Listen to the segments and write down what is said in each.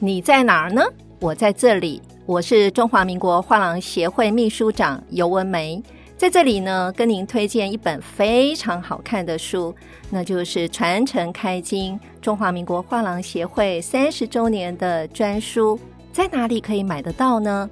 你在哪兒呢？我在這裡，我是中華民國畫廊協會秘書長尤文梅，在這裡呢，跟您推薦一本非常好看的書，那就是《傳承開經》。中華民國畫廊協會三十周年的專書。在哪裡可以買得到呢？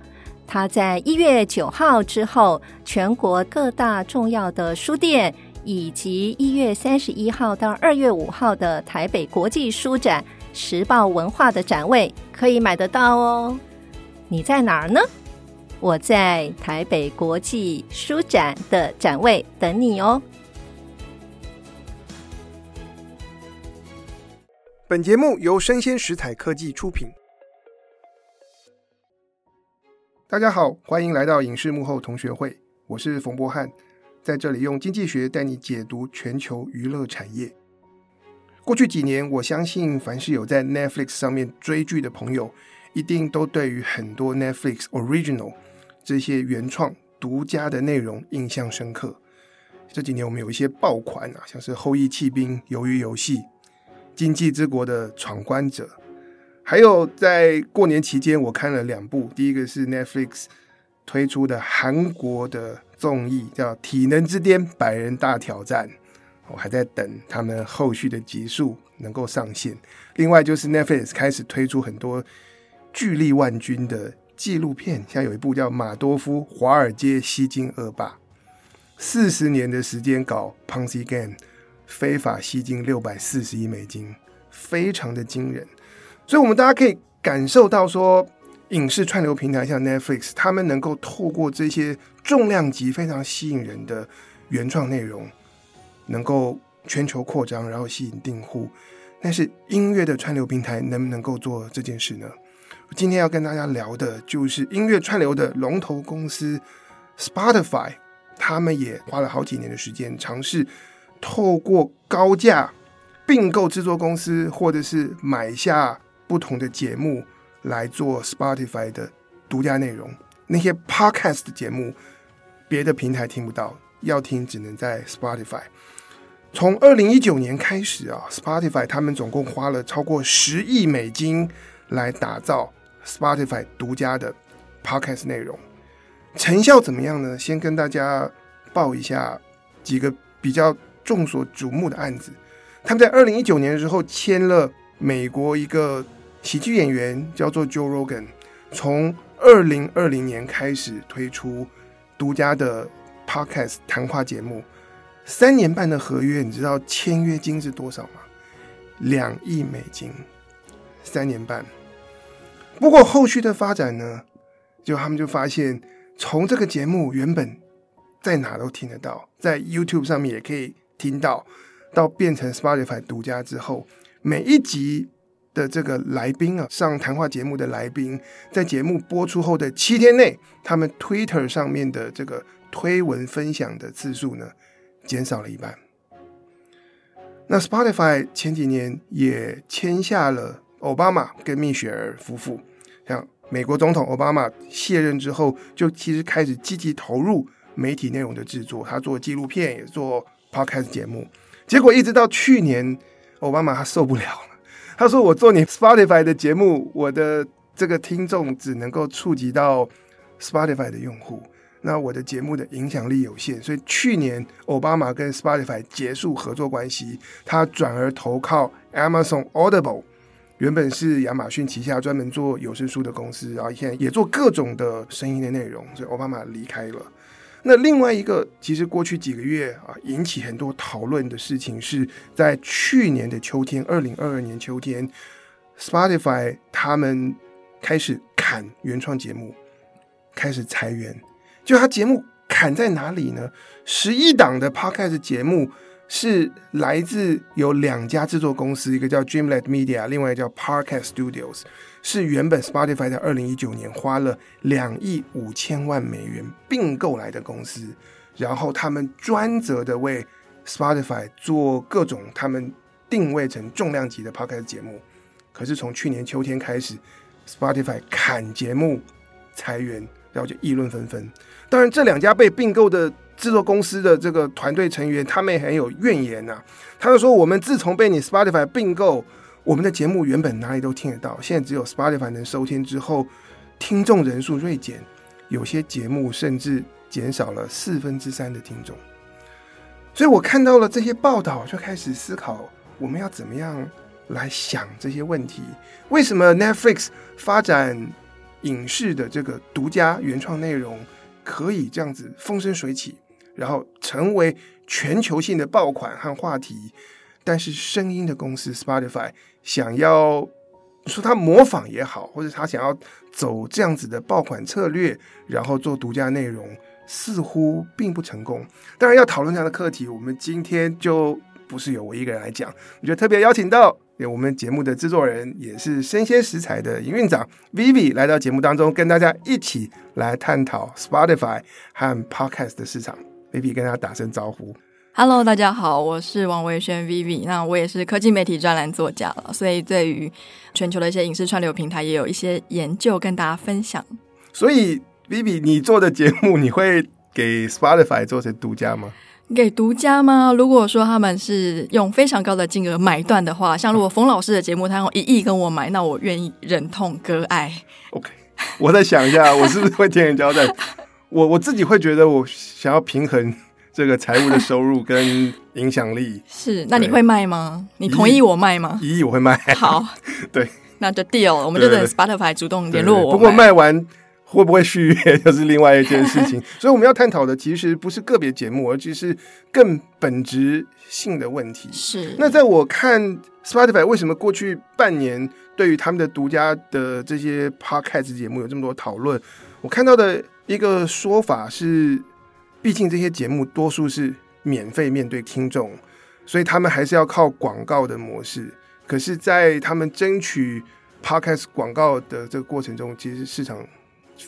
它在一月九號之後，全國各大重要的書店，以及一月三十一號到二月五號的台北國際書展。時報文化的展位可以買得到哦，你在哪兒呢？我在台北國際書展的展位等你哦。本節目由聲鮮時采科技出品。大家好，歡迎來到影視幕後同學會，我是馮博翰，在這裡用經濟學帶你解讀全球娛樂產業。過去幾年，我相信凡是有在 Netflix 上面追劇的朋友，一定都對於很多 Netflix Original 這些原創獨家的內容印象深刻。這幾年我們有一些爆款啊，像是《後翼棄兵》、《魷魚遊戲》、《今際之國的闖關者》，還有在過年期間我看了兩部，第一個是 Netflix 推出的韓國的綜藝，叫《體能之巔百人大挑戰》。我還在等他們後續的集數能夠上線。另外就是 Netflix 開始推出很多巨力萬鈞的紀錄片，現在有一部叫《馬多夫：華爾街吸金惡霸》，四十年的時間搞 Ponzi Game，非法吸金六百四十億美金，非常的驚人。所以，我們大家可以感受到說，影視串流平台像 Netflix，他們能夠透過這些重量級、非常吸引人的原創內容。能夠全球擴張，然後吸引訂戶，但是音樂的串流平台能不能夠做這件事呢？今天要跟大家聊的就是音樂串流的龍頭公司 Spotify，他們也花了好幾年的時間，嘗試透過高價併購制作公司，或者是買下不同的節目來做 Spotify 的獨家內容，那些 Podcast 的節目，別的平台聽不到。要聽只能在 Spotify。從二零一九年開始啊，Spotify 他們總共花了超過十億美金來打造 Spotify 獨家的 Podcast 內容。成效怎麼樣呢？先跟大家報一下幾個比較眾所矚目的案子。他們在二零一九年的時候簽了美國一個喜劇演員叫做 Joe Rogan，從二零二零年開始推出獨家的。Podcast 談話節目三年半的合約，你知道簽約金是多少嗎？兩億美金，三年半。不過後續的發展呢？就他們就發現，從這個節目原本在哪都聽得到，在 YouTube 上面也可以聽到，到變成 Spotify 獨家之後，每一集的這個來賓啊，上談話節目的來賓，在節目播出後的七天內，他們 Twitter 上面的這個。推文分享的次數呢，減少了一半。那 Spotify 前幾年也簽下了奧巴馬跟蜜雪兒夫婦。像美國總統奧巴馬卸任之後，就其實開始積極投入媒體內容的制作，他做紀錄片，也做 Podcast 節目。結果一直到去年，奧巴馬他受不了了，他說：“我做你 Spotify 的節目，我的這個聽眾只能夠觸及到 Spotify 的用戶。”那我的節目的影響力有限，所以去年奧巴馬跟 Spotify 結束合作關係，他轉而投靠 Amazon Audible，原本是亞馬遜旗下專門做有聲書的公司，然後現在也做各種的聲音的內容，所以奧巴馬離開了。那另外一個，其實過去幾個月啊，引起很多討論的事情，是在去年的秋天，二零二二年秋天，Spotify 他們開始砍原創節目，開始裁員。就它節目砍在哪裡呢？十一檔的 Podcast 節目是來自有兩家製作公司，一個叫 Dreamlet Media，另外一個叫 Podcast Studios，是原本 Spotify 在二零一九年花了兩億五千萬美元併購來的公司，然後他們專責的為 Spotify 做各種他們定位成重量級的 Podcast 節目，可是從去年秋天開始，Spotify 砍節目裁員。然後就議論紛紛。當然，這兩家被併購的製作公司的這個團隊成員，他們也很有怨言吶、啊。他就說：“我們自從被你 Spotify 併購，我們的節目原本哪裡都聽得到，現在只有 Spotify 能收聽，之後聽眾人數銳減，有些節目甚至減少了四分之三的聽眾。”所以，我看到了這些報道，就開始思考我們要怎麼樣來想這些問題。為什麼 Netflix 發展影視的這個獨家原創內容可以這樣子風生水起，然後成為全球性的爆款和話題，但是聲音的公司 Spotify 想要說他模仿也好，或者他想要走這樣子的爆款策略，然後做獨家內容，似乎並不成功。當然，要討論這樣的課題，我們今天就不是由我一個人來講，我就特別邀請到我們節目的製作人也是聲鮮時采的營運長 Vivi 來到節目當中，跟大家一起來探討 Spotify 和 Podcast 的市場。Vivi 跟大家打聲招呼，Hello，大家好，我是王偉軒 Vivi，那我也是科技媒體專欄作家了，所以對於全球的一些影視串流平台也有一些研究，跟大家分享。所以 Vivi，你做的節目你會給 Spotify 做成獨家嗎？給獨家嗎？如果說他們是用非常高的金額買斷的話，像如果馮老師的節目，他用一億跟我買，那我願意忍痛割愛。OK，我再想一下，我是不是會天人交戰？ 我我自己會覺得，我想要平衡這個財務的收入跟影響力。是，那你會賣嗎？你同意我賣嗎？一億我會賣。好， 對，那就 deal。我們就等 Spotify 主動聯絡我。不過賣完。會不會續約，又 是另外一件事情。 所以我們要探討的，其實不是個別節目，而其實是更本質性的問題。是。那，在我看，Spotify 為什麼過去半年對於他們的獨家的這些 Podcast 節目有這麼多討論？我看到的一個說法是，畢竟這些節目多數是免費面對聽眾，所以他們還是要靠廣告的模式。可是，在他們爭取 Podcast 廣告的這個過程中，其實市場，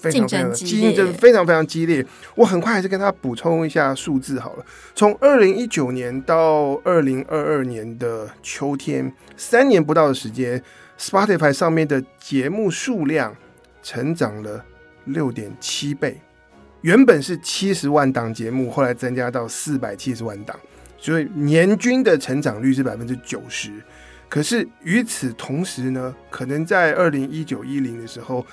非常，非常競爭，競爭非常非常激烈。我很快還是跟他補充一下數字好了。從二零一九年到二零二二年的秋天，三年不到的時間，Spotify 上面的節目數量成長了六點七倍，原本是七十萬檔節目，後來增加到四百七十萬檔，所以年均的成長率是百分之九十。可是與此同時呢，可能在二零一九一零的時候。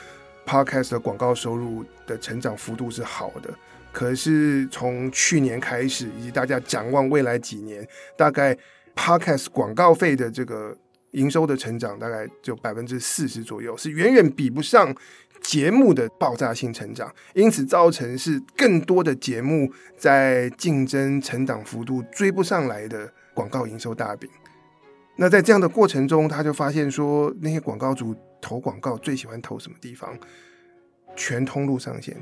Podcast 的廣告收入的成長幅度是好的，可是從去年開始，以及大家展望未來幾年，大概 Podcast 廣告費的這個營收的成長，大概就百分之四十左右，是遠遠比不上節目的爆炸性成長，因此造成是更多的節目在競爭成長幅度追不上來的廣告營收大餅。那在這樣的過程中，他就發現說，那些廣告主投廣告最喜歡投什麼地方？全通路上線，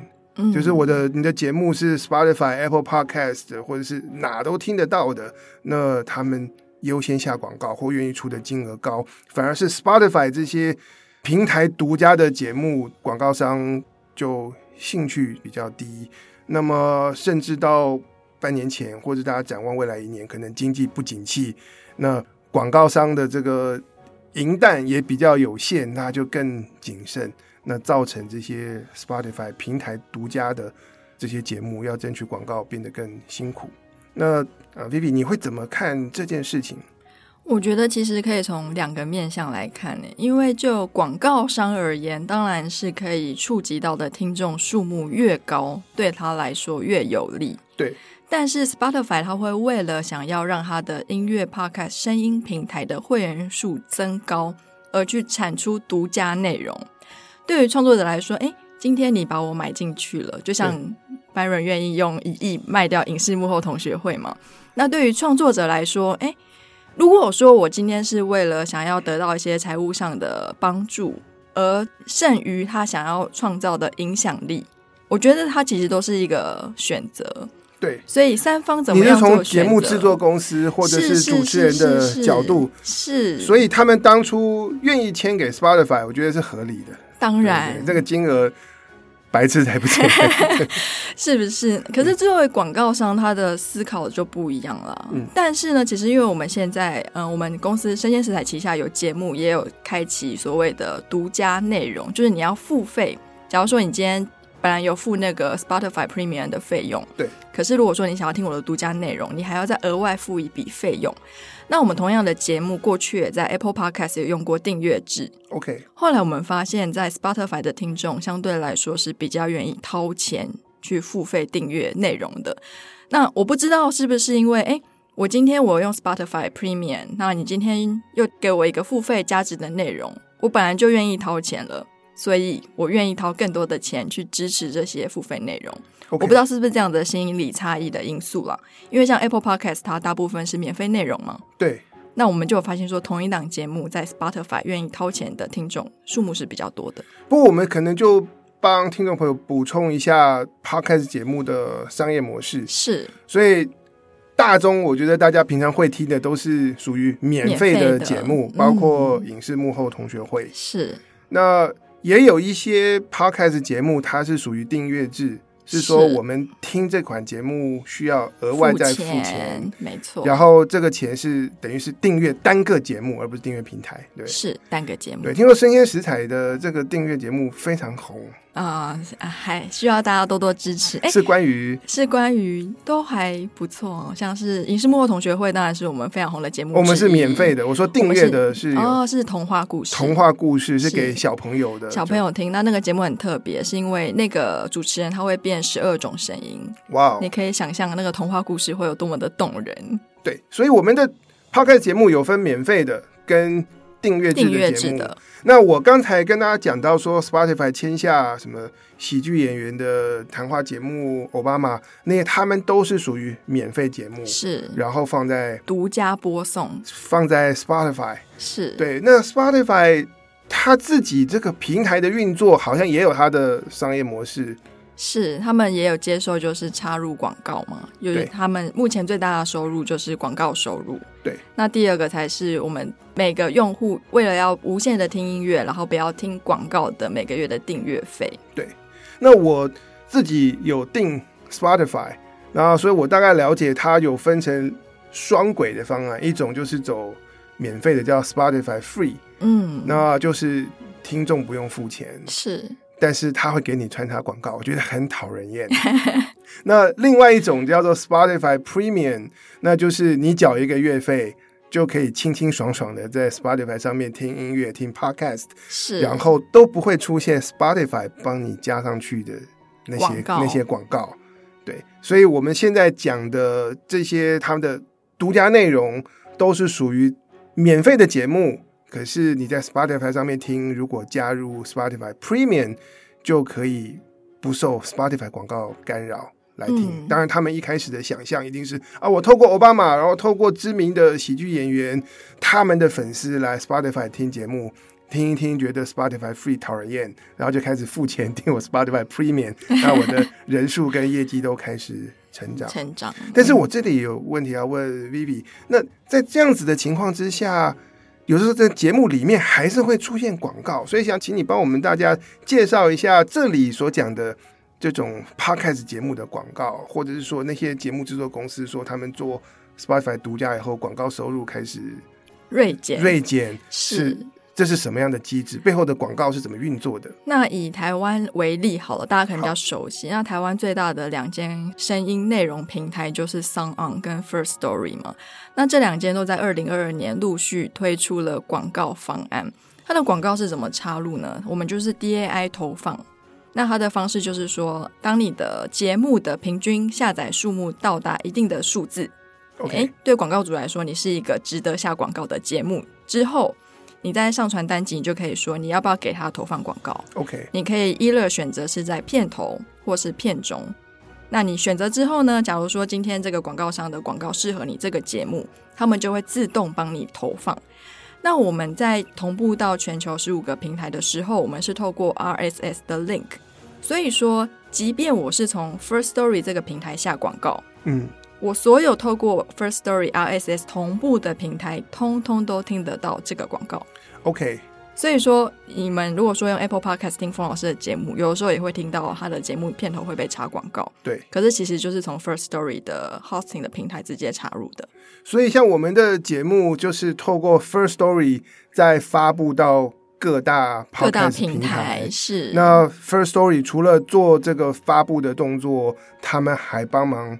就是我的你的節目是 Spotify、Apple Podcast 或者是哪都聽得到的，那他們優先下廣告或願意出的金額高，反而是 Spotify 這些平台獨家的節目，廣告商就興趣比較低。那麼，甚至到半年前或者大家展望未來一年，可能經濟不景氣，那。廣告商的這個銀彈也比較有限，那他就更謹慎，那造成這些 Spotify 平台獨家的這些節目要爭取廣告變得更辛苦。那啊，Vivi，你會怎麼看這件事情？我覺得其實可以從兩個面向來看呢，因為就廣告商而言，當然是可以觸及到的聽眾數目越高，對他來說越有利。對。但是 Spotify 他會為了想要讓他的音樂 podcast 聲音平台的會員數增高，而去產出獨家內容。對於創作者來說，誒，今天你把我買進去了，就像 Baron 願意用一億賣掉影視幕後同學會嘛？那對於創作者來說，誒，如果說我今天是為了想要得到一些財務上的幫助，而勝於他想要創造的影響力，我覺得他其實都是一個選擇。對，所以三方怎麼樣做選擇？你是從節目制作公司或者是主持人的角度，是，是，是，是，是，是，所以他們當初願意簽給 Spotify，我覺得是合理的。當然，這個金額白痴才不簽， 是不是？可是作為廣告商，他的思考就不一樣了。嗯，但是呢，其實因為我們現在，嗯、呃，我們公司聲鮮時采旗下有節目，也有開啟所謂的獨家內容，就是你要付費。假如說你今天。本來有付那個 Spotify Premium 的費用，對。可是如果說你想要聽我的獨家內容，你還要再額外付一筆費用。那我們同樣的節目過去也在 Apple Podcast 有用過訂閱制，OK。後來我們發現，在 Spotify 的聽眾相對來說是比較願意掏錢去付費訂閱內容的。那我不知道是不是因為，哎，我今天我用 Spotify Premium，那你今天又給我一個付費價值的內容，我本來就願意掏錢了。所以我願意掏更多的錢去支持這些付費內容。Okay. 我不知道是不是這樣的心理差異的因素了，因為像 Apple Podcast 它大部分是免費內容嘛。對。那我們就有發現說，同一檔節目在 Spotify 願意掏錢的聽眾數目是比較多的。不過我們可能就幫聽眾朋友補充一下 Podcast 節目的商業模式。是。所以大宗我覺得大家平常會聽的都是屬於免費的，免費的節目，包括影視幕後同學會。嗯、是。那。也有一些 podcast 節目，它是屬於訂閱制，是，是說我們聽這款節目需要額外再付錢，付錢沒錯。然後這個錢是等於是訂閱單個節目，而不是訂閱平台，對，是單個節目。對，聽說聲鮮時采的這個訂閱節目非常紅啊、呃，還需要大家多多支持。欸、是關於，是關於，都還不錯。像是影視幕後同學會，當然是我們非常紅的節目。我們是免費的，我說訂閱的是，是哦，是童話故事，童話故事是給小朋友的，小朋友聽。就那那個節目很特別，是因為那個主持人他會變十二種聲音。哇，Wow, 你可以想象那個童話故事會有多麼的動人。對，所以我們的 Podcast 節目有分免費的跟。訂閱制的節目，那我剛才跟大家講到說，Spotify 簽下什麼喜劇演員的談話節目，奧巴馬那些，他們都是屬於免費節目，是，然後放在獨家播送，放在 Spotify，是對。那 Spotify 他自己這個平台的運作，好像也有他的商業模式。是，他們也有接受，就是插入廣告嘛。就是他們目前最大的收入就是廣告收入。對。那第二個才是我們每個用戶為了要無限的聽音樂，然後不要聽廣告的每個月的訂閱費。對。那我自己有訂 Spotify，然後所以我大概了解它有分成雙軌的方案，一種就是走免費的，叫 Spotify Free。嗯。那就是聽眾不用付錢。是。但是他會給你穿插廣告，我覺得很討人厭。 那另外一種叫做 Spotify Premium，那就是你繳一個月費，就可以清清爽爽的在 Spotify 上面聽音樂、聽 Podcast，是，然後都不會出現 Spotify 幫你加上去的那些告那些廣告。對，所以我們現在講的這些他們的獨家內容，都是屬於免費的節目。可是你在 Spotify 上面聽，如果加入 Spotify Premium，就可以不受 Spotify 廣告干擾來聽。嗯、當然，他們一開始的想象一定是啊，我透過奧巴馬，然後透過知名的喜劇演員，他們的粉絲來 Spotify 聽節目，聽一聽覺得 Spotify Free 討人厭，然後就開始付錢聽我 Spotify Premium，那我的人數跟業績都開始成長。成長。嗯、但是我這裡有問題要問 Vivi，那在這樣子的情況之下。有時候在節目裡面還是會出現廣告，所以想請你幫我們大家介紹一下這裡所講的這種 Podcast 節目的廣告，或者是說那些節目制作公司說他們做 Spotify 獨家以後，廣告收入開始銳減，銳減，是。是。這是什麼樣的機制？背後的廣告是怎麼運作的？那以台灣為例好了，大家可能比較熟悉。好那台灣最大的兩間聲音內容平台就是 SoundOn 跟 First Story 嘛。那這兩間都在二零二二年陸續推出了廣告方案。它的廣告是怎麼插入呢？我們就是 D A I 投放。那它的方式就是說，當你的節目的平均下載數目到達一定的數字，OK，欸、對廣告主來說，你是一個值得下廣告的節目之後。你在上傳單集，你就可以說你要不要給他投放廣告。OK，你可以一律選擇是在片頭或是片中。那你選擇之後呢？假如說今天這個廣告商的廣告適合你這個節目，他們就會自動幫你投放。那我們在同步到全球十五個平台的時候，我們是透過 RSS 的 link。所以說，即便我是從 First Story 這個平台下廣告，嗯。我所有透過 First Story RSS 同步的平台，通通都聽得到這個廣告。OK。所以說，你們如果說用 Apple Podcast 聽馮老師的節目，有時候也會聽到他的節目片頭會被插廣告。對。可是其實就是從 First Story 的 Hosting 的平台直接插入的。所以像我們的節目，就是透過 First Story 再發布到各大各大平台。平台是。那 First Story 除了做這個發布的動作，他們還幫忙。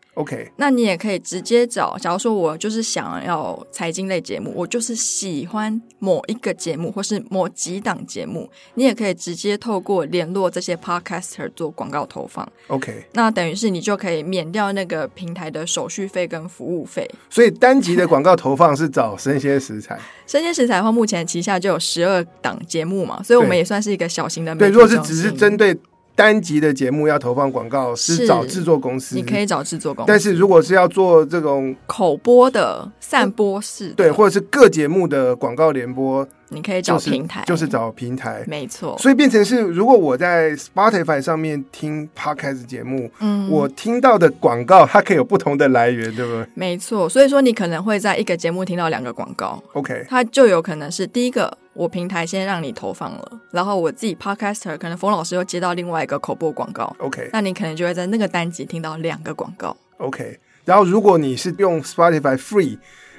OK，那你也可以直接找。假如說我就是想要財經類節目，我就是喜歡某一個節目或是某幾檔節目，你也可以直接透過聯絡這些 Podcaster 做廣告投放。OK，那等於是你就可以免掉那個平台的手續費跟服務費。所以單集的廣告投放是找聲鮮時采、嗯。聲鮮時采的話，目前旗下就有十二檔節目嘛，所以我們也算是一個小型的媒體對。對，如果是只是針對。單集的節目要投放廣告是找製作公司，你可以找製作公司。但是如果是要做這種口播的、散播式，對，或者是各節目的廣告聯播。你可以找平台，就是、就是找平台，沒錯。所以變成是，如果我在 Spotify 上面聽 Podcast 節目，嗯，我聽到的廣告，它可以有不同的來源，對不對？沒錯，所以說你可能會在一個節目聽到兩個廣告，OK？它就有可能是第一個我平台先讓你投放了，然後我自己 Podcaster 可能馮老師又接到另外一個口播廣告，OK？那你可能就會在那個單集聽到兩個廣告，OK？然後如果你是用 Spotify Free。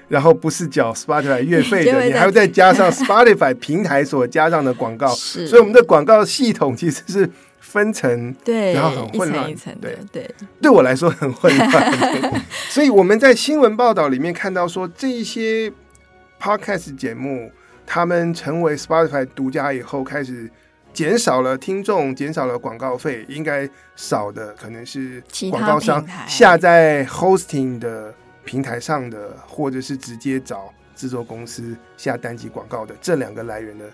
然後不是繳 Spotify 月費的，你還要再加上 Spotify 平台所加上的廣告，所以我們的廣告系統其實是分層，然後很混亂一層的。對，對，對我來說很混亂。所以我們在新聞報道裡面看到說，這一些 Podcast 節目他們成為 Spotify 獨家以後，開始減少了聽眾，減少了廣告費，應該少的可能是廣告商下載 hosting 的。平台上的，或者是直接找製作公司下單集廣告的這兩個來源的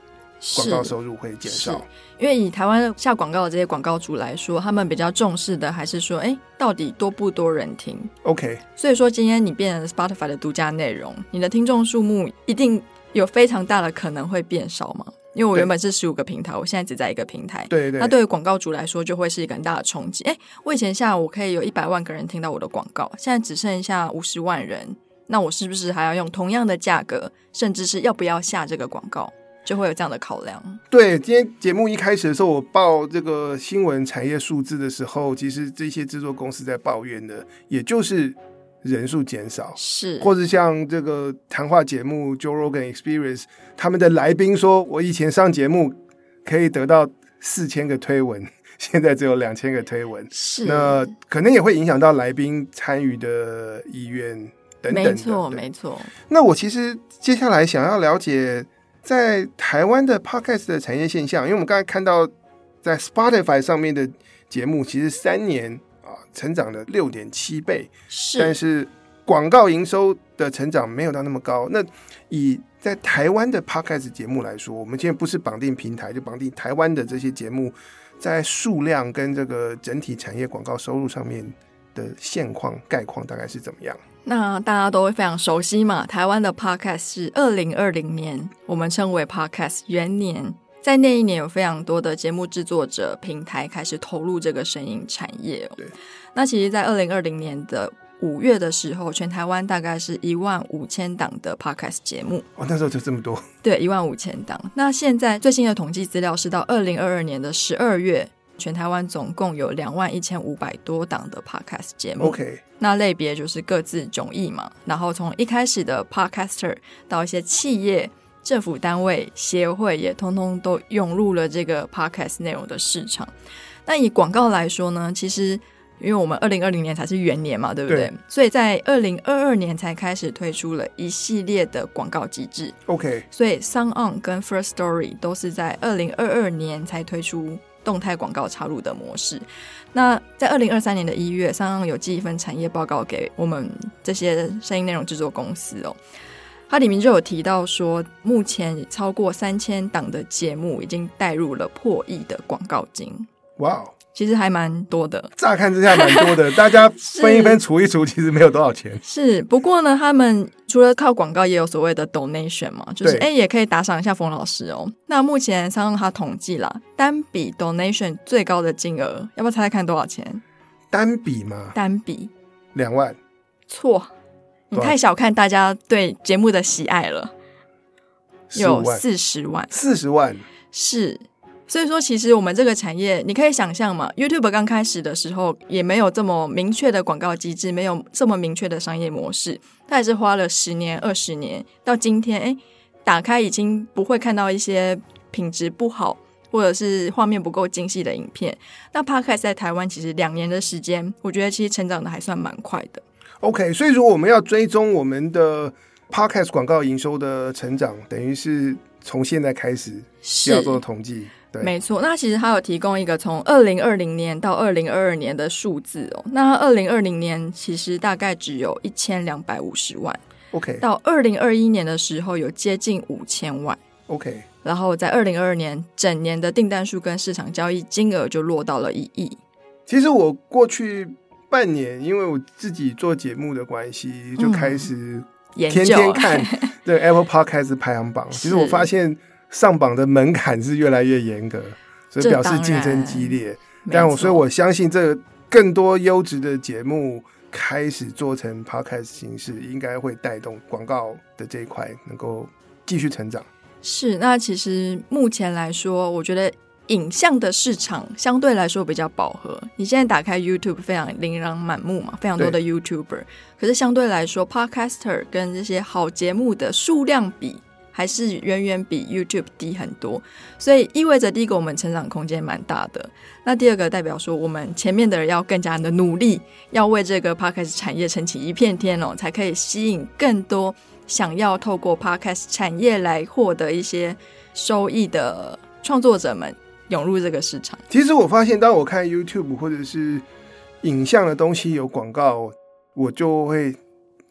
廣告收入會減少。是是，因為以台灣下廣告的這些廣告主來說，他們比較重視的還是說，哎，到底多不多人聽？OK，所以說今天你變成 Spotify 的獨家內容，你的聽眾數目一定有非常大的可能會變少嗎？因為我原本是十五個平台，對我現在只在一個平台。對對。那對於廣告主來說，就會是一個很大的衝擊。誒，我以前下午可以有一百萬個人聽到我的廣告，現在只剩下五十萬人。那我是不是還要用同樣的價格，甚至是要不要下這個廣告，就會有這樣的考量？對，今天節目一開始的時候，我報這個新聞產業數字的時候，其實這些制作公司在抱怨的，也就是。人數減少是，或者像這個談話節目 Joe Rogan Experience，他們的來賓說，我以前上節目可以得到四千個推文，現在只有兩千個推文，是。那可能也會影響到來賓參與的意願等等，等等。沒錯，沒錯。那我其實接下來想要了解，在台灣的 Podcast 的產業現象，因為我們剛才看到在 Spotify 上面的節目，其實三年。啊，成長了六點七倍，是，但是廣告營收的成長沒有到那麼高。那以在台灣的 Podcast 節目來說，我們現在不是綁定平台，就綁定台灣的這些節目，在數量跟這個整體產業廣告收入上面的現況概況，大概是怎麼樣？那大家都會非常熟悉嘛，台灣的 Podcast 是二零二零年，我們稱為 Podcast 元年。在那一年，有非常多的節目製作者平台開始投入這個聲音產業哦。對，那其實，在二零二零年的五月的時候，全台灣大概是一萬五千檔的 Podcast 節目。哦，那時候就這麼多？對，一萬五千檔。那現在最新的統計資料是到二零二二年的十二月，全台灣總共有兩萬一千五百多檔的 Podcast 節目。OK，那類別就是各自迥異嘛。然後從一開始的 Podcaster 到一些企業。政府單位、協會也通通都湧入了這個 podcast 內容的市場。那以廣告來說呢，其實因為我們二零二零年才是元年嘛，對不對？對，所以在二零二二年才開始推出了一系列的廣告機制。OK，所以 SoundOn 跟 First Story 都是在二零二二年才推出動態廣告插入的模式。那在二零二三年的一月，SoundOn 有寄一份產業報告給我們這些聲音內容製作公司哦。它裡面就有提到說，目前超過三千檔的節目已經帶入了破億的廣告金。哇 Wow，其實還蠻多的。乍看之下蠻多的， 大家分一分是除一除，其實沒有多少錢。是，不過呢，他們除了靠廣告，也有所謂的 donation 嘛，就是哎對、欸，也可以打賞一下馮老師哦。那目前商用，他統計了，單筆 donation 最高的金額，要不要猜猜看多少錢？單筆嗎？單筆比兩萬。錯。你太小看大家對節目的喜愛了，對有四十萬，四十萬是。所以說，其實我們這個產業，你可以想象嘛，YouTube 剛開始的時候也沒有這麼明確的廣告機制，沒有這麼明確的商業模式，他也是花了十年、二十年到今天。哎，打開已經不會看到一些品質不好或者是畫面不夠精細的影片。那 Podcast 在台灣，其實兩年的時間，我覺得其實成長的還算蠻快的。OK，所以說我們要追蹤我們的 Podcast 廣告營收的成長，等於是從現在開始需要做的統計。是對沒錯，那其實它有提供一個從二零二零年到二零二二年的數字哦。那二零二零年其實大概只有一千兩百五十萬，OK。到二零二一年的時候，有接近五千萬，OK。然後在二零二二年整年的訂單數跟市場交易金額就落到了一億。其實我過去。半年，因為我自己做節目的關係，就開始、嗯、天天看 對 e Apple Podcast 排行榜。是其實我發現上榜的門檻是越來越嚴格，所以表示競爭激烈。但我錯所以，我相信這更多優質的節目開始做成 Podcast 形式，應該會帶動廣告的這一塊能夠繼續成長。是，那其實目前來說，我覺得。影像的市場相對來說比較飽和。你現在打開 YouTube，非常琳琅滿目嘛，非常多的 YouTuber。對，可是相對來說，Podcaster 跟這些好節目的數量比，還是遠遠比 YouTube 低很多。所以意味着第一個，我們成長空間蠻大的。那第二個代表說，我們前面的人要更加的努力，要為這個 Podcast 產業撐起一片天哦，才可以吸引更多想要透過 Podcast 產業來獲得一些收益的創作者們湧入這個市場。其實我發現，當我看 YouTube 或者是影像的東西有廣告，我就會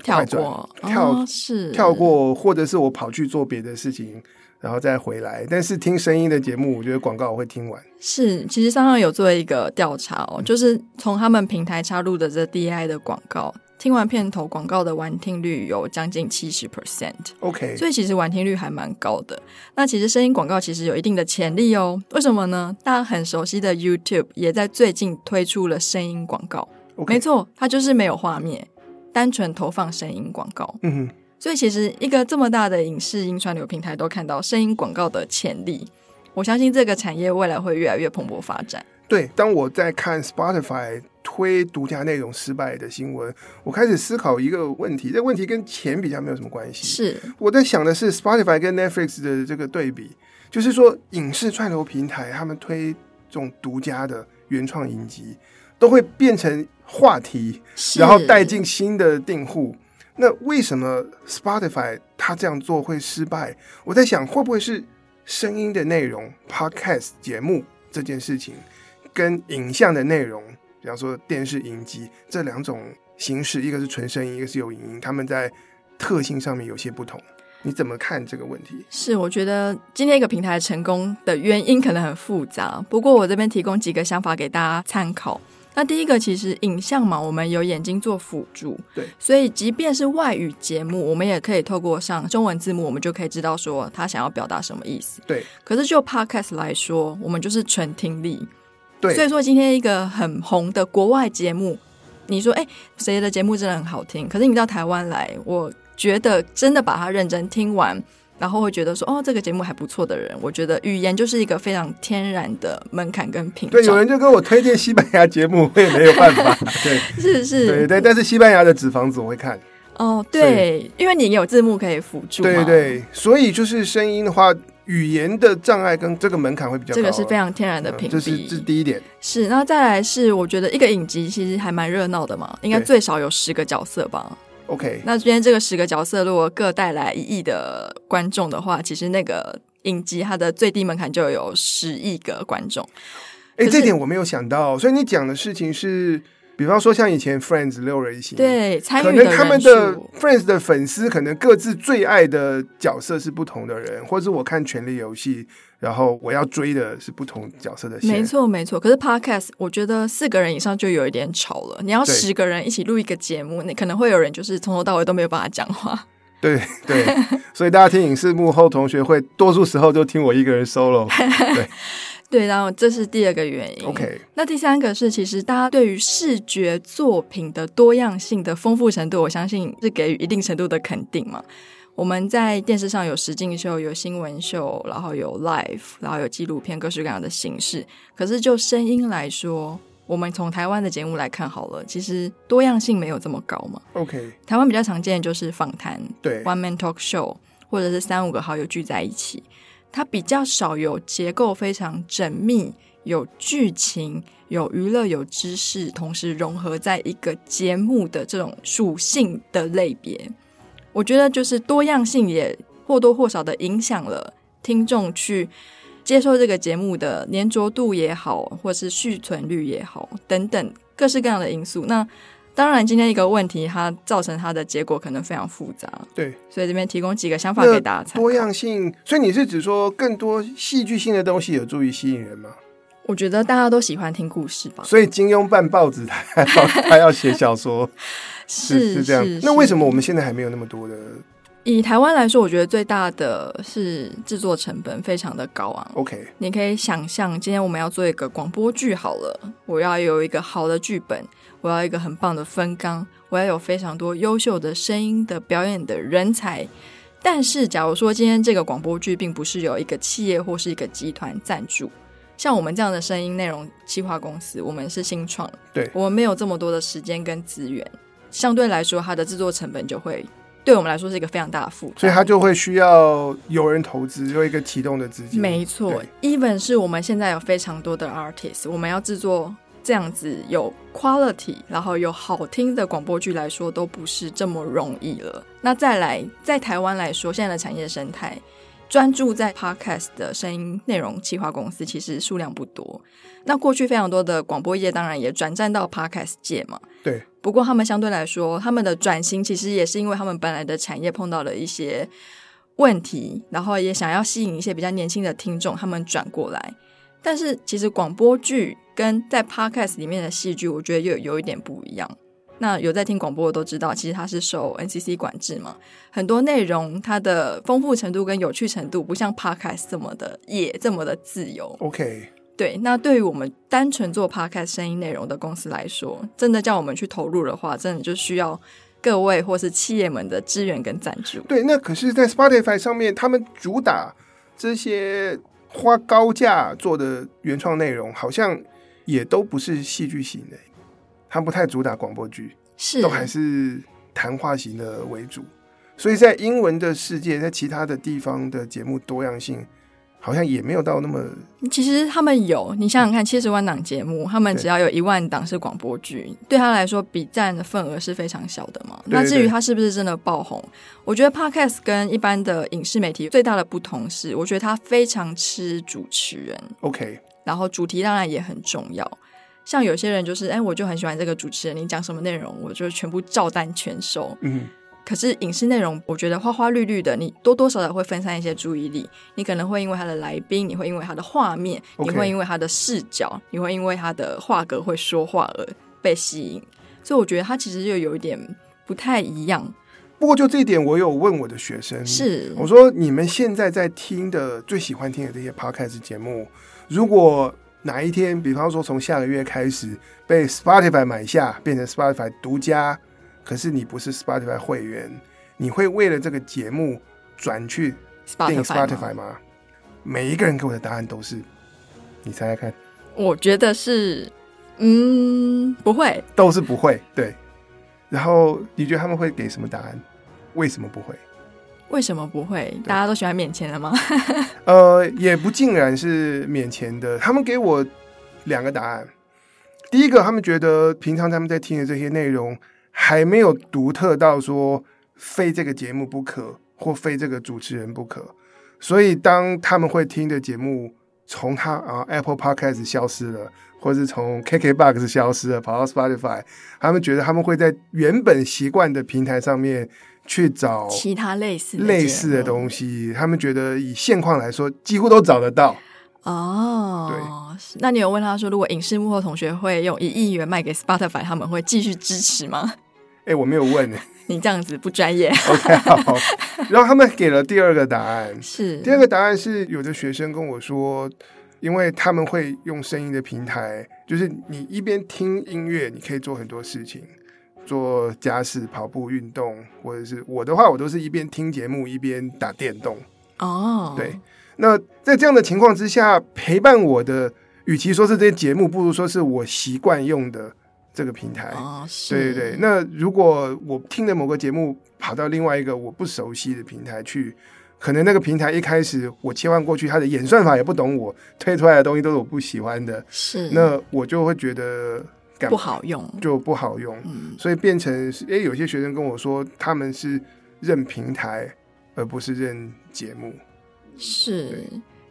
跳過，跳、哦、是跳過，或者是我跑去做別的事情，然後再回來。但是聽聲音的節目，我覺得廣告我會聽完。是，其實上上有做一個調查哦，嗯、就是從他們平台插入的這 DI 的廣告。聽完片頭廣告的完聽率有將近七十 percent，OK，所以其實完聽率還蠻高的。那其實聲音廣告其實有一定的潛力哦。為什麼呢？大家很熟悉的 YouTube 也在最近推出了聲音廣告，OK，沒錯，它就是沒有畫面，單純投放聲音廣告。嗯哼，所以其實一個這麼大的影視音串流平台都看到聲音廣告的潛力，我相信這個產業未來會越來越蓬勃發展。對，當我在看 Spotify 推獨家內容失敗的新聞，我開始思考一個問題。這個問題跟錢比較沒有什麼關係。是我在想的是 Spotify 跟 Netflix 的這個對比，就是說影視串流平台他們推這種獨家的原創影集，都會變成話題，是然後帶進新的訂戶。那為什麼 Spotify 它這樣做會失敗？我在想，會不會是聲音的內容 Podcast 節目這件事情？跟影像的內容，比方說電視影集，這兩種形式，一個是純聲音，一個是有影音，他們在特性上面有些不同。你怎麼看這個問題？是，我覺得今天一個平台成功的原因可能很複雜。不過我這邊提供幾個想法給大家參考。那第一個，其實影像嘛，我們有眼睛做輔助，對，所以即便是外語節目，我們也可以透過上中文字幕，我們就可以知道說他想要表達什麼意思。對，可是就 Podcast 來說，我們就是純聽力。所以說，今天一個很紅的國外節目，你說，哎，誰的節目真的很好聽？可是你到台灣來，我覺得真的把它認真聽完，然後會覺得說，哦，這個節目還不錯的人，我覺得語言就是一個非常天然的門檻跟屏障。對，有人就跟我推薦西班牙節目，我也沒有辦法。 對，是是，對對，但是西班牙的紙房子我會看。哦，對，以因為你有字幕可以輔助。對對，所以就是聲音的話。語言的障礙跟這個門檻會比較，這個是非常天然的屏蔽、嗯、這是這是第一點。是，那再來是，我覺得一個影集其實還蠻熱鬧的嘛，對應該最少有十個角色吧。OK，那今天這個十個角色如果各帶來一億的觀眾的話，其實那個影集它的最低門檻就有十億個觀眾。哎、欸，是這點我沒有想到。所以你講的事情是。比方說像以前 Friends 六人行，對，人可能他們的 Friends 的粉絲可能各自最愛的角色是不同的人，或者是我看權力遊戲，然後我要追的是不同角色的。沒錯，沒錯。可是 Podcast，我覺得四個人以上就有一點吵了。你要十個人一起錄一個節目，對你可能會有人就是從頭到尾都沒有辦法講話。對對，所以大家聽影視幕後同學會，多數時候就聽我一個人 solo。對。 對，然後這是第二個原因。OK，那第三個是，其實大家對於視覺作品的多樣性的豐富程度，我相信是給予一定程度的肯定嘛。我們在電視上有實境秀，有新聞秀，然後有 Live，然後有紀錄片，各式各樣的形式。可是就聲音來說，我們從台灣的節目來看好了，其實多樣性沒有這麼高嘛。OK，台灣比較常見的就是訪談，對，One Man Talk Show，或者是三五個好友聚在一起。它比較少有結構非常縝密，有劇情、有娛樂、有知識，同時融合在一個節目的這種屬性的類別。我覺得就是多樣性也或多或少的影響了聽眾去接受這個節目的粘着度也好，或是續存率也好等等各式各樣的因素。那。當然，今天一個問題，它造成它的結果可能非常複雜。對，所以這邊提供幾個想法給大家參考。多樣性，所以你是指說更多戲劇性的東西有助於吸引人嗎？我覺得大家都喜歡聽故事吧。所以金庸辦報紙，他要他要寫小說， 是是這樣。那為什麼我們現在還沒有那麼多的？以台灣來說，我覺得最大的是制作成本非常的高昂。OK，你可以想象，今天我們要做一個廣播劇好了，我要有一個好的劇本，我要一個很棒的分缸，我要有非常多優秀的聲音的表演的人才。但是，假如說今天這個廣播劇並不是有一個企業或是一個集團贊助，像我們這樣的聲音內容企劃公司，我們是新創，對，我們沒有這麼多的時間跟資源，相對來說，它的制作成本就會。對我們來說是一個非常大的負擔，所以它就會需要有人投資做一個啟動的資金。沒錯對，even 是我們現在有非常多的 artist，我們要製作這樣子有 quality，然後有好聽的廣播劇來說都不是這麼容易了。那再來，在台灣來說，現在的產業生態。專注在 Podcast 的聲音內容企劃公司其實數量不多。那過去非常多的廣播業，當然也轉戰到 Podcast 界嘛。對。不過他們相對來說，他們的轉型其實也是因為他們本來的產業碰到了一些問題，然後也想要吸引一些比較年輕的聽眾，他們轉過來。但是其實廣播劇跟在 Podcast 裡面的戲劇，我覺得又有，有一點不一樣。那有在聽廣播的都知道，其實它是受 NCC 管制嘛，很多內容它的豐富程度跟有趣程度，不像 Podcast 這麼的也這麼的自由。OK，對。那對於我們單純做 Podcast 聲音內容的公司來說，真的叫我們去投入的話，真的就需要各位或是企業們的支援跟贊助。對，那可是，在 Spotify 上面，他們主打這些花高價做的原創內容，好像也都不是戲劇型的。他不太主打廣播劇，是都還是談話型的為主，所以在英文的世界，在其他的地方的節目多樣性好像也沒有到那麼。其實他們有，你想想看，七十萬檔節目，他們只要有一萬檔是廣播劇，對，對他來說，比佔的份額是非常小的嘛。對對對，那至於他是不是真的爆紅，我覺得 Podcast 跟一般的影視媒體最大的不同是，我覺得他非常吃主持人，OK，然後主題當然也很重要。像有些人就是，哎，我就很喜歡這個主持人，你講什麼內容，我就全部照單全收。嗯，可是影視內容，我覺得花花綠綠的，你多多少少會分散一些注意力。你可能會因為他的來賓，你會因為他的畫面，你會因為他的視角，Okay 你會因為他的畫格會說話而被吸引。所以我覺得他其實又有一點不太一樣。不過就這一點，我有問我的學生，是我說你們現在在聽的最喜歡聽的這些 Podcast 節目，如果。哪一天，比方說從下個月開始被 Spotify 買下，變成 Spotify 獨家，可是你不是 Spotify 會員，你會為了這個節目轉去 Spotify 嗎？Spotify 嗎？每一個人給我的答案都是，你猜猜看，我覺得是，嗯，不會，都是不會，對。然後你覺得他們會給什麼答案？為什麼不會？為什麼不會？對 大家都喜歡免錢的嗎？ 呃，也不盡然是免錢的。他們給我兩個答案。第一個，他們覺得平常他們在聽的這些內容還沒有獨特到說非這個節目不可或非這個主持人不可，所以當他們會聽的節目從他啊 Apple Podcast 消失了，或是從 KKBOX 消失了，跑到 Spotify，他們覺得他們會在原本習慣的平台上面。去找其他類似類似的東西，他，東西他們覺得以現況來說，幾乎都找得到。哦、oh, 對，那你有問他說，如果影視幕後同學會用一億元賣給 Spotify，他們會繼續支持嗎？哎、欸，我沒有問耶， 你這樣子不專業。Okay, 然後他們給了第二個答案， 是。第二個答案是有的學生跟我說，因為他們會用聲音的平台，就是你一邊聽音樂，你可以做很多事情。做家事、跑步、運動，或者是我的話，我都是一邊聽節目一邊打電動。哦，oh. 對。那在這樣的情況之下，陪伴我的，與其說是這些節目，不如說是我習慣用的這個平台。Oh, 對對對。是那如果我聽的某個節目跑到另外一個我不熟悉的平台去，可能那個平台一開始我切換過去，它的演算法也不懂我，我推出來的東西都是我不喜歡的。是。那我就會覺得。不好用，就不好用，嗯、所以變成，哎、欸，有些學生跟我說，他們是認平台而不是認節目，是，對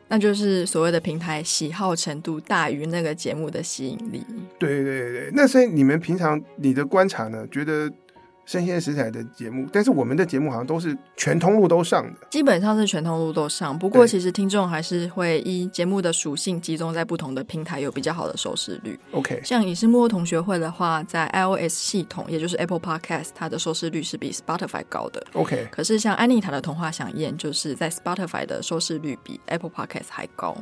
那就是所謂的平台喜好程度大於那個節目的吸引力。對對對對，那所以你們平常你的觀察呢，覺得？聲鮮時采的節目，但是我們的節目好像都是全通路都上的，基本上是全通路都上。不過，其實聽眾還是會依節目的屬性，集中在不同的平台有比較好的收視率。OK，像影視幕後同學會的話，在 iOS 系統，也就是 Apple Podcast，它的收視率是比 Spotify 高的。OK，可是像安妮塔的童話饗宴，就是在 Spotify 的收視率比 Apple Podcast 還高。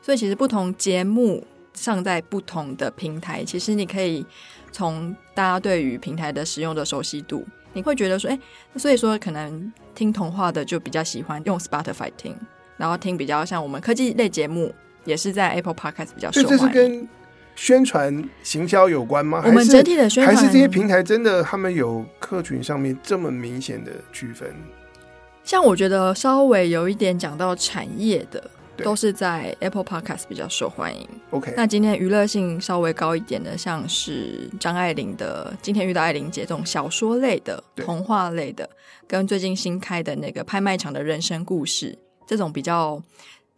所以，其實不同節目。上在不同的平台，其實你可以從大家對於平台的使用的熟悉度，你會覺得說，哎，所以說可能聽童話的就比較喜歡用 Spotify 聽，然後聽比較像我們科技類節目也是在 Apple Podcast 比較受歡迎。是跟宣傳行銷有關嗎？還是我們整體的宣傳，還是這些平台真的他們有客群上面這麼明顯的區分？像我覺得稍微有一點講到產業的。對都是在 Apple Podcast 比較受歡迎。OK，那今天娛樂性稍微高一點的，像是張愛玲的《今天遇到愛玲姐》這種小說類的、對童話類的，跟最近新開的那個拍賣場的人生故事，這種比較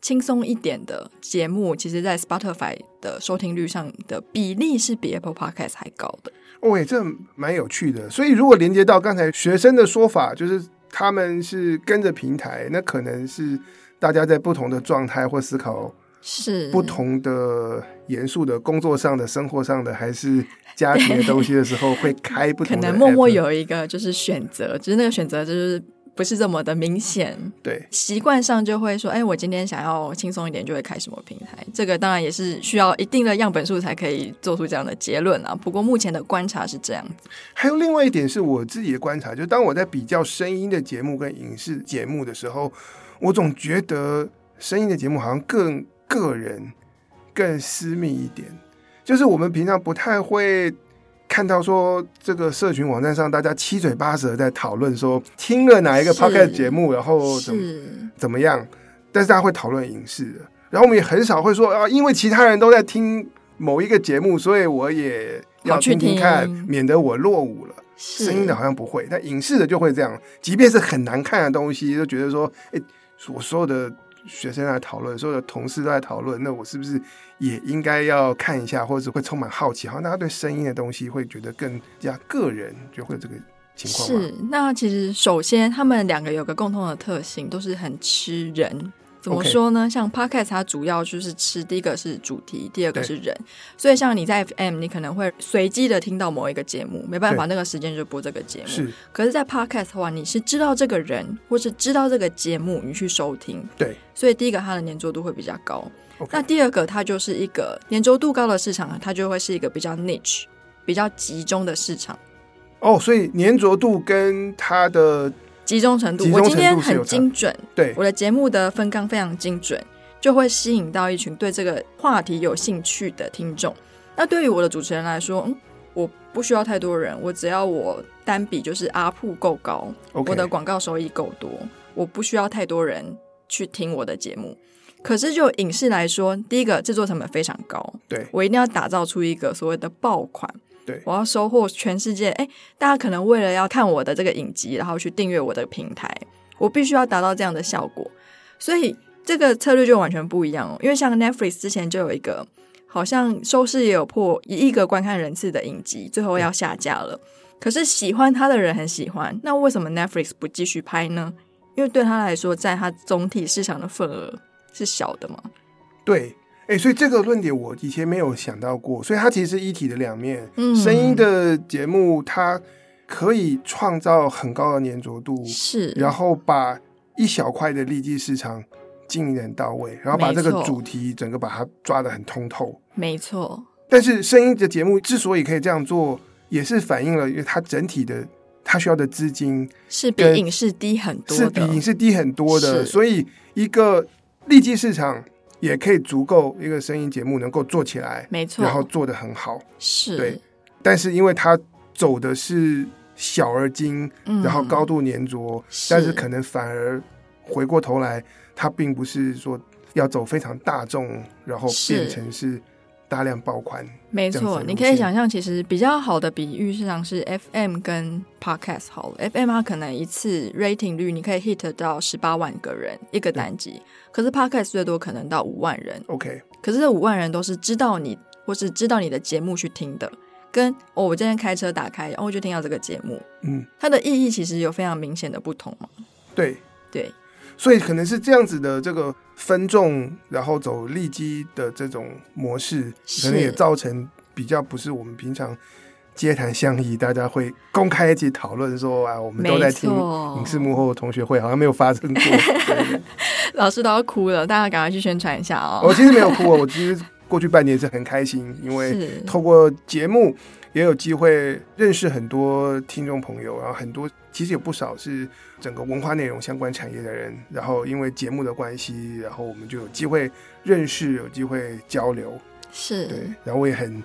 輕鬆一點的節目，其實在 Spotify 的收聽率上的比例是比 Apple Podcast 還高的。哦、欸，這蠻有趣的。所以如果連接到剛才學生的說法，就是他們是跟着平台，那可能是。大家在不同的狀態或思考是不同的，嚴肅的工作上的、生活上的，還是家庭的東西的時候，會開不同的。可能默默有一個就是選擇，只、就是那個選擇就是不是這麼的明顯。對，習慣上就會說：“哎、欸，我今天想要輕鬆一點，就會開什麼平台。”這個當然也是需要一定的樣本數才可以做出這樣的結論啊。不過目前的觀察是這樣子。還有另外一點是我自己的觀察，就是當我在比較聲音的節目跟影視節目的時候，我總覺得聲音的節目好像更個人、更私密一點，就是我們平常不太會看到說這個社群網站上大家七嘴八舌在討論說聽了哪一個 podcast 節目，然後怎麼怎麼樣，但是大家會討論影視的，然後我們也很少會說啊，因為其他人都在聽某一個節目，所以我也要聽聽看，免得我落伍了。聲音的好像不會，但影視的就會這樣，即便是很難看的東西，都覺得說誒我所有的學生在討論，所有的同事都在討論，那我是不是也應該要看一下，或者會充滿好奇？好像大家對聲音的東西會覺得更加個人，就會有這個情況。是，那其實首先他們兩個有個共同的特性，都是很吃人。怎麼說呢？Okay. 像 Podcast 它主要就是吃第一個是主題，第二個是人。對所以像你在 FM，你可能會隨機的聽到某一個節目，沒辦法，對那個時間就播這個節目。是。可是，在 Podcast 的話，你是知道這個人，或是知道這個節目，你去收聽。對。所以，第一個它的粘着度會比較高。Okay. 那第二個，它就是一個粘着度高的市場，它就會是一個比較 niche、比較集中的市場。哦，oh, 所以粘着度跟它的。集中，集中程度，我今天很精準。對，我的節目的分綱非常精準，就會吸引到一群對這個話題有興趣的聽眾。那對於我的主持人來說，嗯，我不需要太多人，我只要我單筆就是阿鋪夠高，Okay 我的廣告收益夠多，我不需要太多人去聽我的節目。可是就影視來說，第一個製作成本非常高，對，我一定要打造出一個所謂的爆款。對我要收穫全世界，哎，大家可能為了要看我的這個影集，然後去訂閱我的平台，我必須要達到這樣的效果，所以這個策略就完全不一樣哦。因為像 Netflix 之前就有一個，好像收視也有破一億個觀看人次的影集，最後要下架了。嗯、可是喜歡它的人很喜歡，那為什麼 Netflix 不繼續拍呢？因為對他來說，在他總體市場的份額是小的嘛。對。哎，所以這個論點我以前沒有想到過，所以它其實是一體的兩面。嗯，聲音的節目它可以創造很高的粘着度，是，然後把一小塊的利基市場經營得很到位，然後把這個主題整個把它抓得很通透。沒錯。但是聲音的節目之所以可以這樣做，也是反映了因為它整體的它需要的資金是比影視低很多，是比影視低很多的，多的是，所以一個利基市場。也可以足夠一個聲音節目能夠做起來，沒錯，然後做得很好，是對。但是因為它走的是小而精，嗯、然後高度粘着，是。但是可能反而回過頭來，它並不是說要走非常大眾，然後變成是。大量爆款，沒錯，你可以想象，其實比較好的比喻是，事實上是 FM 跟 Podcast 好了。FM 它可能一次 rating 率你可以 hit 到十八萬個人一個單集，對可是 Podcast 最多可能到五萬人。OK，可是這五萬人都是知道你或是知道你的節目去聽的，跟哦，我今天開車打開，然、哦、後就聽到這個節目。嗯，它的意義其實有非常明顯的不同嘛。對對，對，所以可能是這樣子的這個。分眾，然後走利基的這種模式，是可能也造成比較不是我們平常街談巷議，大家會公開一起討論說啊，我們都在聽影視幕後的同學會，好像沒有發生過，錯對 老師都要哭了，大家趕快去宣傳一下啊、哦！我其實沒有哭，我其實過去半年是很開心，因為透過節目也有機會認識很多聽眾朋友，然後很多。其實有不少是整個文化內容相關產業的人，然後因為節目的關係，然後我們就有機會認識，有機會交流。是對，然後我也很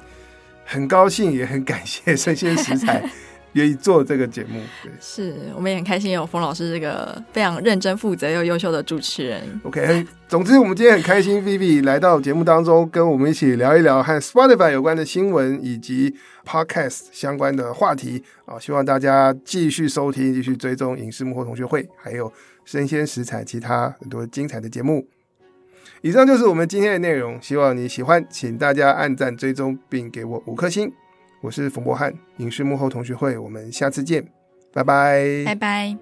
很高興，也很感謝聲鮮時采願意做這個節目。對，是我們也很開心有馮老師這個非常認真負責又優秀的主持人。OK，總之我們今天很開心，Vivi 來到節目當中，跟我們一起聊一聊和 Spotify 有關的新聞以及。Podcast 相關的話題啊，希望大家繼續收聽、繼續追蹤影視幕後同學會，還有聲鮮時采其他很多精彩的節目。以上就是我們今天的內容，希望你喜歡，請大家按讚追蹤，並給我五顆星。我是馮博翰，影視幕後同學會，我們下次見，拜拜，拜拜。